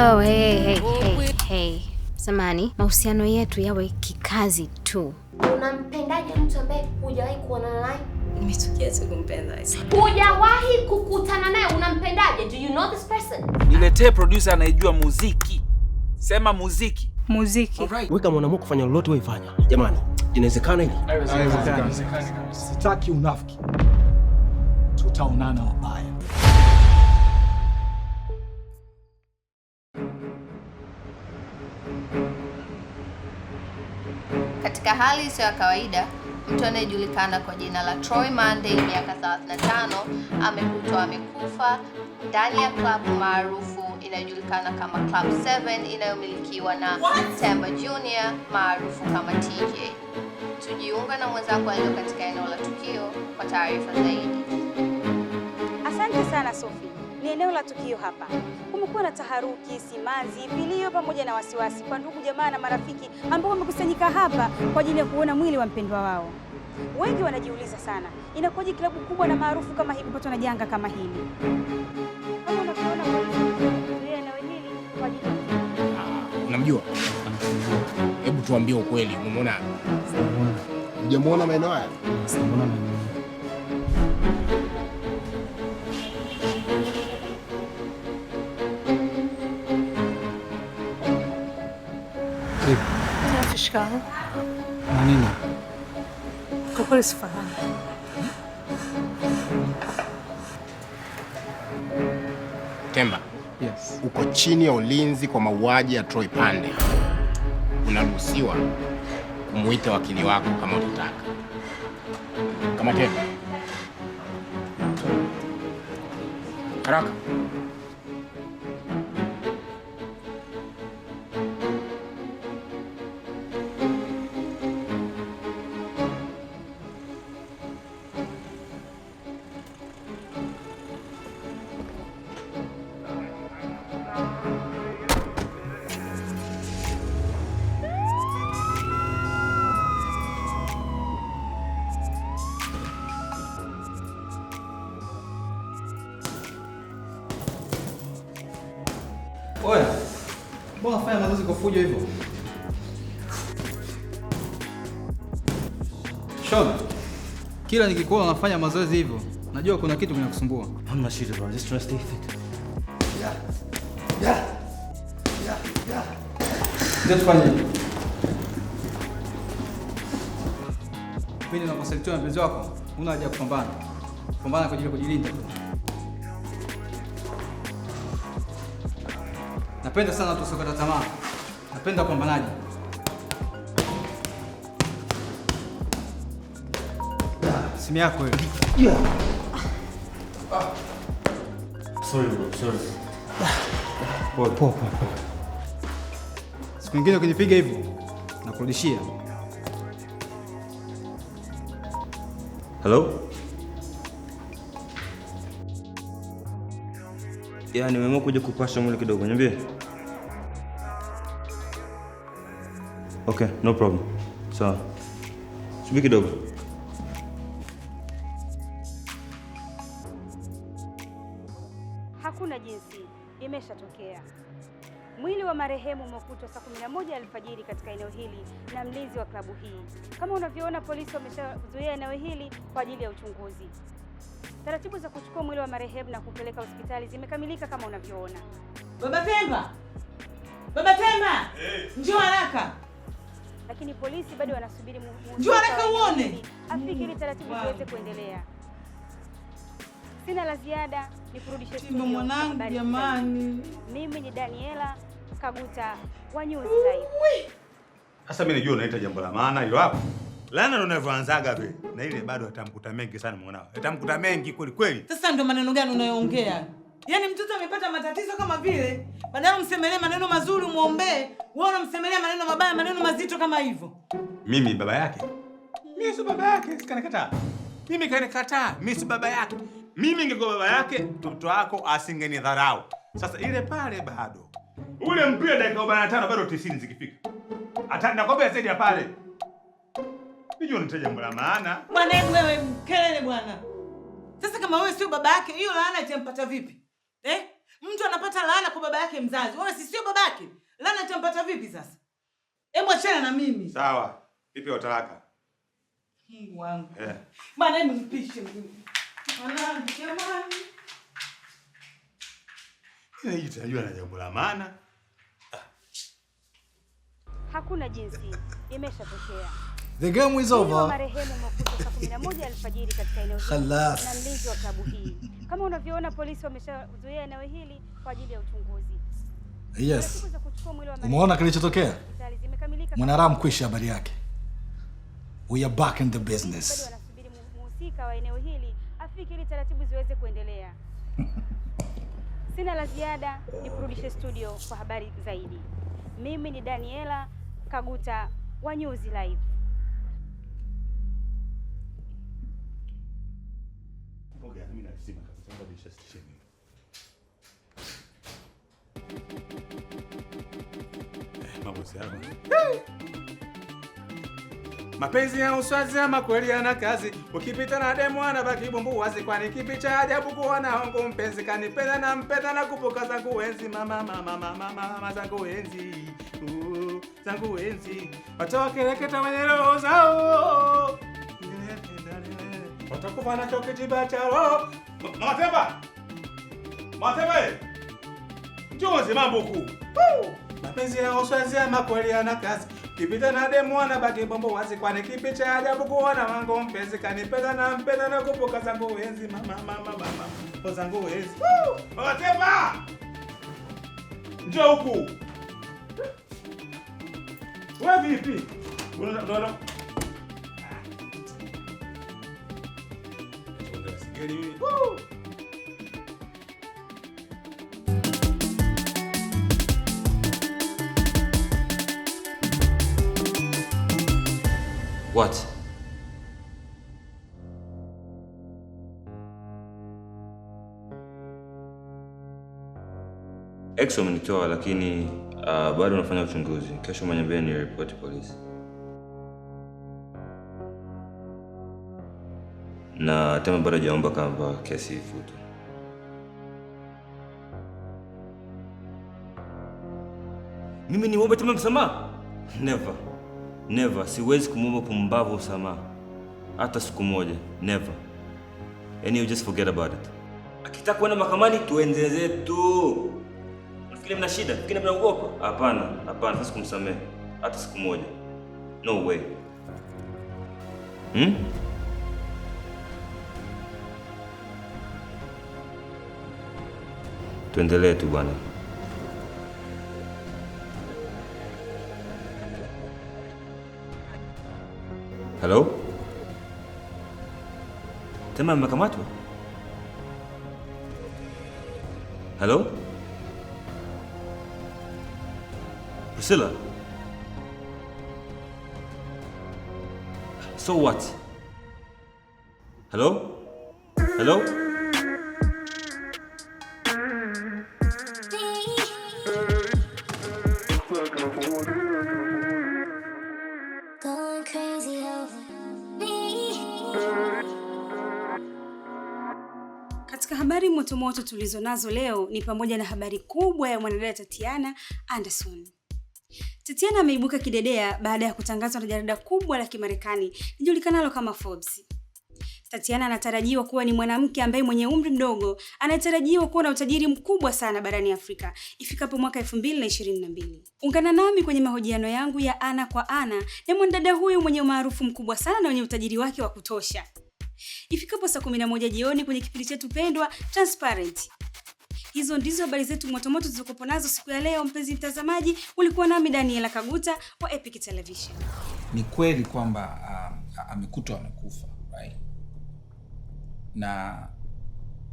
Oh, hey, hey, hey, hey. Samani, mahusiano yetu yawe kikazi tu. Unampendaje mtu ambaye hujawahi kuona naye? Nimetukia tu kumpenda. Hujawahi kukutana naye, unampendaje? Do you know this person? Niletee producer anayejua muziki. Sema muziki. Muziki. Alright. Wewe kama unaamua kufanya lolote wewe fanya. Jamani, inawezekana hili? Inawezekana. Sitaki unafiki. Tutaonana baadaye. hali isiyo ya kawaida, mtu anayejulikana kwa jina la Troy Monday, miaka 35, amekutwa amekufa ndani ya klabu maarufu inayojulikana kama Club 7 inayomilikiwa na Temba Junior maarufu kama TJ. Tujiunga na mwenzako aliyo katika eneo la tukio kwa taarifa zaidi. Asante sana Sophie ni eneo la tukio hapa. Kumekuwa na taharuki, simanzi, vilio pamoja na wasiwasi kwa ndugu jamaa na marafiki ambao wamekusanyika hapa kwa ajili ya kuona mwili wa mpendwa wao. Wengi wanajiuliza sana, inakuwaje klabu kubwa na maarufu kama hii kupatwa na janga kama hili? Ah, unamjua? Hebu tuambie ukweli, umemwona? Hujamwona maeneo haya? Temba. Yes. Uko chini ya ulinzi kwa mauaji ya Troy Pande. Unaruhusiwa kumuita wakili wako kama utataka. Kama Temba. Haraka. unafanya mazoezi kwa fujo hivyo? Shona, kila nikikuona unafanya mazoezi hivyo, najua kuna kitu kinakusumbua. Hamna shida bro, just try to stay fit. Yeah. Yeah. Yeah. Yeah. Ndio Mimi na mpenzi wako, una haja kupambana. Pambana kwa ajili ya kujilinda. Napenda sana tusokota tamaa, napenda upambanaji. Simu yako hiyo. Yeah. Sorry bro, sorry. Poa poa poa. Siku nyingine ukinipiga hivi nakurudishia. Hello? Ya, nimeamua kuja kupasha mwili kidogo, niambie. Okay, no problem. speak it kidogo. Hakuna jinsi, imeshatokea. Mwili wa marehemu umekutwa saa 11 alfajiri katika eneo hili na mlinzi wa klabu hii. Kama unavyoona, polisi wameshazuia eneo hili kwa ajili ya uchunguzi. Taratibu za kuchukua mwili wa marehemu na kupeleka hospitali zimekamilika kama unavyoona. Baba Pemba, Baba Pemba, njoo haraka lakini polisi bado wanasubiri Juaraka uone afike ili mm. taratibu ziweze kuendelea. Sina la ziada, ni kurudisha studio mwanangu. Jamani, mimi ni Daniela Kaguta wa News Live. Sasa mimi najua unaita jambo la maana hilo hapo. Lana ndo unavyoanzaga vile, na ile bado atamkuta mengi sana mwanao, atamkuta mengi kweli kweli. Sasa ndo maneno gani unayoongea? Yaani mtoto amepata matatizo kama vile, badala msemelee maneno mazuri muombee, wewe unamsemelea maneno mabaya, maneno mazito kama hivyo. Mimi baba yake? Mimi si baba yake, sikanikataa. Mimi kanikataa, mimi si baba yake. Mimi ingekuwa baba yake, mtoto wako asingenidharau. Sasa ile pale bado. Ule mpira dakika 45 bado 90 zikifika. Hata nakwambia zaidi ya pale. Nijua nitaje jambo la maana. Mwanangu wewe mkelele bwana. Sasa kama wewe sio baba yake, hiyo laana itampata vipi? eh? Mtu anapata laana kwa baba yake mzazi. Wewe si sio yake Laana itampata vipi sasa? Hebu achana na mimi. Sawa. Vipi wa talaka? Mungu wangu. Eh. Bana hebu nipishe mimi. Bana jamani. Hii tunajua na jambo la maana. Hakuna jinsi. Imeshatokea. The game is over. Marehemu saa kumi alfajiri katika eneo hili na mlinzi wa klabu hii. Kama unavyoona polisi wameshazuia eneo hili kwa ajili ya uchunguzi. Yes. Umeona kilichotokea? Mwanaramu kwisha habari yake. We are back in the business. Wanasubiri mhusika wa eneo hili afike ili taratibu ziweze kuendelea. Sina la ziada, nikurudishe studio kwa habari zaidi. Mimi ni Daniela Kaguta wa News Live. sima kasema dirisha stesheni. Mabosi hao. Mapenzi ya uswazi ama kweli ana kazi, ukipita na demu anabaki bumbu wazi, kwani kipi cha ajabu kuwa na hongo mpenzi, kanipenda na mpenda na kupoka zangu wenzi mama mama mama mama zangu wenzi uh, zangu enzi, watawakereketa wenye roho zao watakufa na chokijiba chao Matemba! Matemba! E! Njoo a buku. Mapenzi ya oswazi ama kweli yana kazi. Kipita na demu anabaki bombo wazi kwani kipi cha ajabu kuona wangu mpenzi kanipenda na mpenda na kupoka zangu Geliyor. Woo! What? Ex wamenitoa lakini uh, bado nafanya uchunguzi. Kesho Manyambia ni ripoti polisi. na Tema bado hajaomba kamba kesi ifutwe. Mimi niombe Tema msamaha? Never. Never. Siwezi kumwomba pumbavu msamaha hata siku moja. Never. And you just forget about it. Akitaka kwenda mahakamani tuendelee tu. Nafikiri mna shida, nafikiri mnaogopa. Hapana, hapana, sasa kumsamehe hata siku moja. No way. Hmm? Tuendelee tu bwana. Hello? Tema amekamatwa? Hello? Priscilla? So what? Hello? Hello? tulizo nazo leo ni pamoja na habari kubwa ya mwanadada Tatiana Anderson. Tatiana ameibuka kidedea baada ya kutangazwa na jarida kubwa la Kimarekani lijulikanalo kama Forbes. Tatiana anatarajiwa kuwa ni mwanamke ambaye mwenye umri mdogo anatarajiwa kuwa na utajiri mkubwa sana barani Afrika ifikapo mwaka 2022. Ungana nami kwenye mahojiano yangu ya ana kwa ana na mwanadada huyu mwenye umaarufu mkubwa sana na mwenye utajiri wake wa kutosha ifikapo saa 11 jioni kwenye kipindi chetu pendwa Transparent. Hizo ndizo habari zetu motomoto zilizokuwa nazo siku ya leo. Mpenzi mtazamaji, ulikuwa nami Daniela Kaguta wa Epic Television. Ni kweli kwamba um, amekutwa amekufa right? na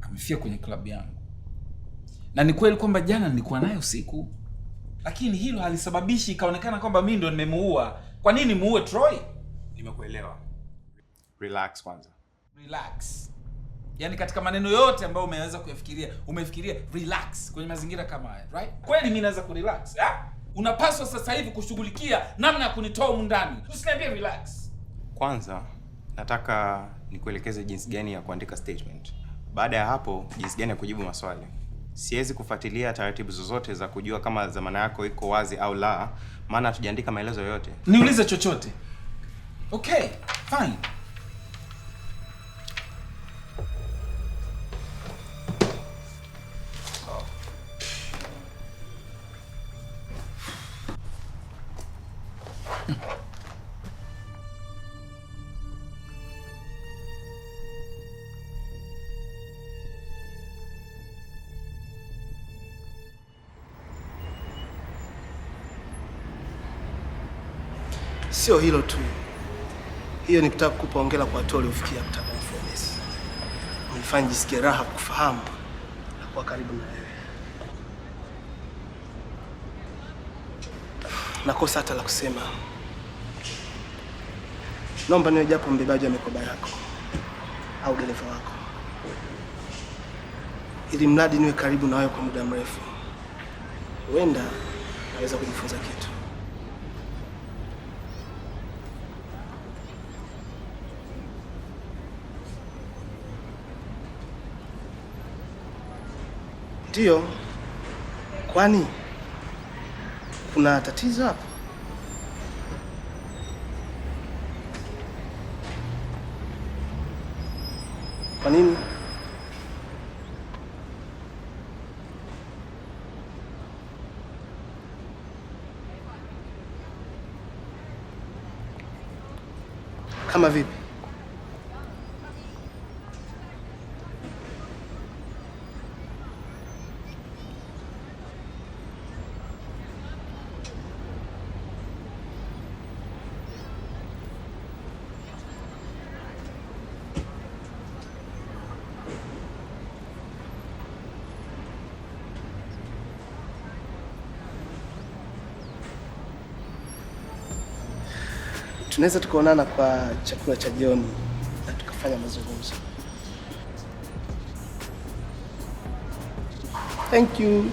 amefia kwenye klabu yangu, na ni kweli kwamba jana nilikuwa naye usiku, lakini hilo halisababishi ikaonekana kwamba mimi ndo nimemuua. Kwa nini muue Troy? Nimekuelewa, relax kwanza relax. Yaani katika maneno yote ambayo umeweza kuyafikiria, umefikiria relax kwenye mazingira kama haya, right? Kweli mimi naweza kurelax. yeah? Unapaswa sasa hivi kushughulikia namna ya kunitoa humu ndani. Usiniambie relax. Kwanza nataka nikuelekeze jinsi gani ya kuandika statement. Baada ya hapo, jinsi gani ya kujibu maswali. Siwezi kufuatilia taratibu zozote za kujua kama zamana yako iko wazi au la, maana hatujaandika maelezo yoyote. Niulize chochote. Okay, fine. Sio hilo tu, hiyo ni kutaka kukupa hongera kwa hatua uliofikia kutaka niFormesi. Unifanya jisikie raha kufahamu na kuwa karibu na wewe. Nakosa hata la kusema. Naomba niwe japo mbebaji wa mikoba yako au dereva wako, ili mradi niwe karibu na wewe kwa muda mrefu. Huenda naweza kujifunza kitu. Ndiyo. Kwani kuna tatizo hapo? Kwa nini? Kama vipi? tunaweza tukaonana kwa chakula cha jioni na tukafanya mazungumzo. Thank you.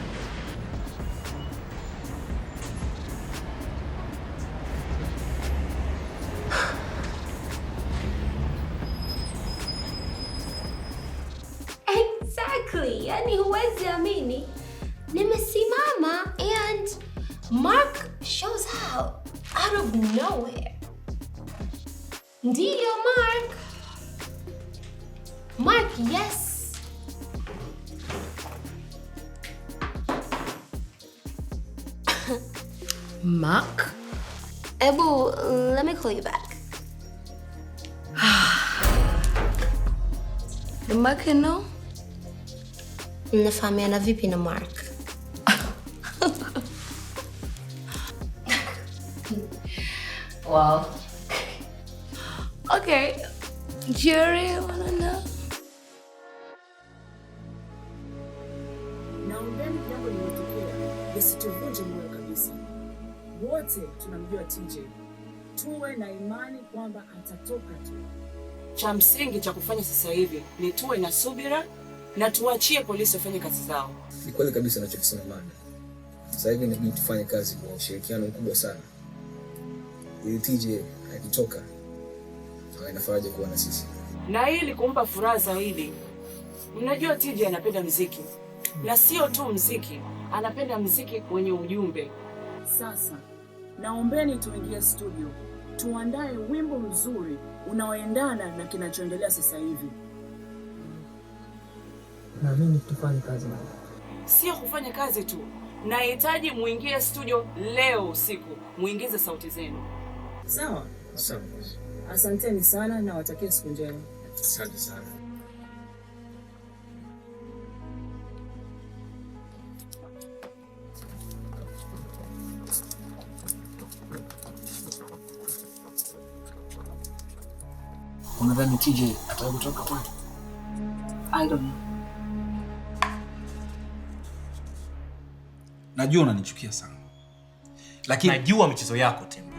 huwezi amini nimesimama and Mark shows out out of nowhere. Deal mark. Mark, yes. Mark? Abu, let me call you back. The mark, you know? Nifahamiana vipi na Mark? wow. Okay. You really wanna know? Na undani jambo limetokea lisituvunje moyo kabisa. Wote tunamjua TJ, tuwe na imani kwamba atatoka tu. Cha msingi cha kufanya sasa hivi ni tuwe na subira na tuachie polisi wafanye kazi zao. Ni kweli kabisa anachokisema Manda. Sasa hivi inabidi tufanye kazi kwa ushirikiano mkubwa sana, ili TJ akitoka inafaaje kuwa na sisi? Na ili kumpa furaha zaidi, mnajua TJ anapenda mziki na sio tu mziki, anapenda mziki wenye ujumbe. Sasa naombeni tuingie studio tuandae wimbo mzuri unaoendana na kinachoendelea sasa hivi. Na mimi tufanye kazi na sio kufanya kazi tu, nahitaji muingie studio leo usiku, muingize sauti zenu. Sawa sawa. Asanteni sana na watakia siku njema. Asante sana. Unadhani TJ ataweza kutoka kwani? I don't know. Najua unanichukia sana. Lakini najua michezo yako Temba.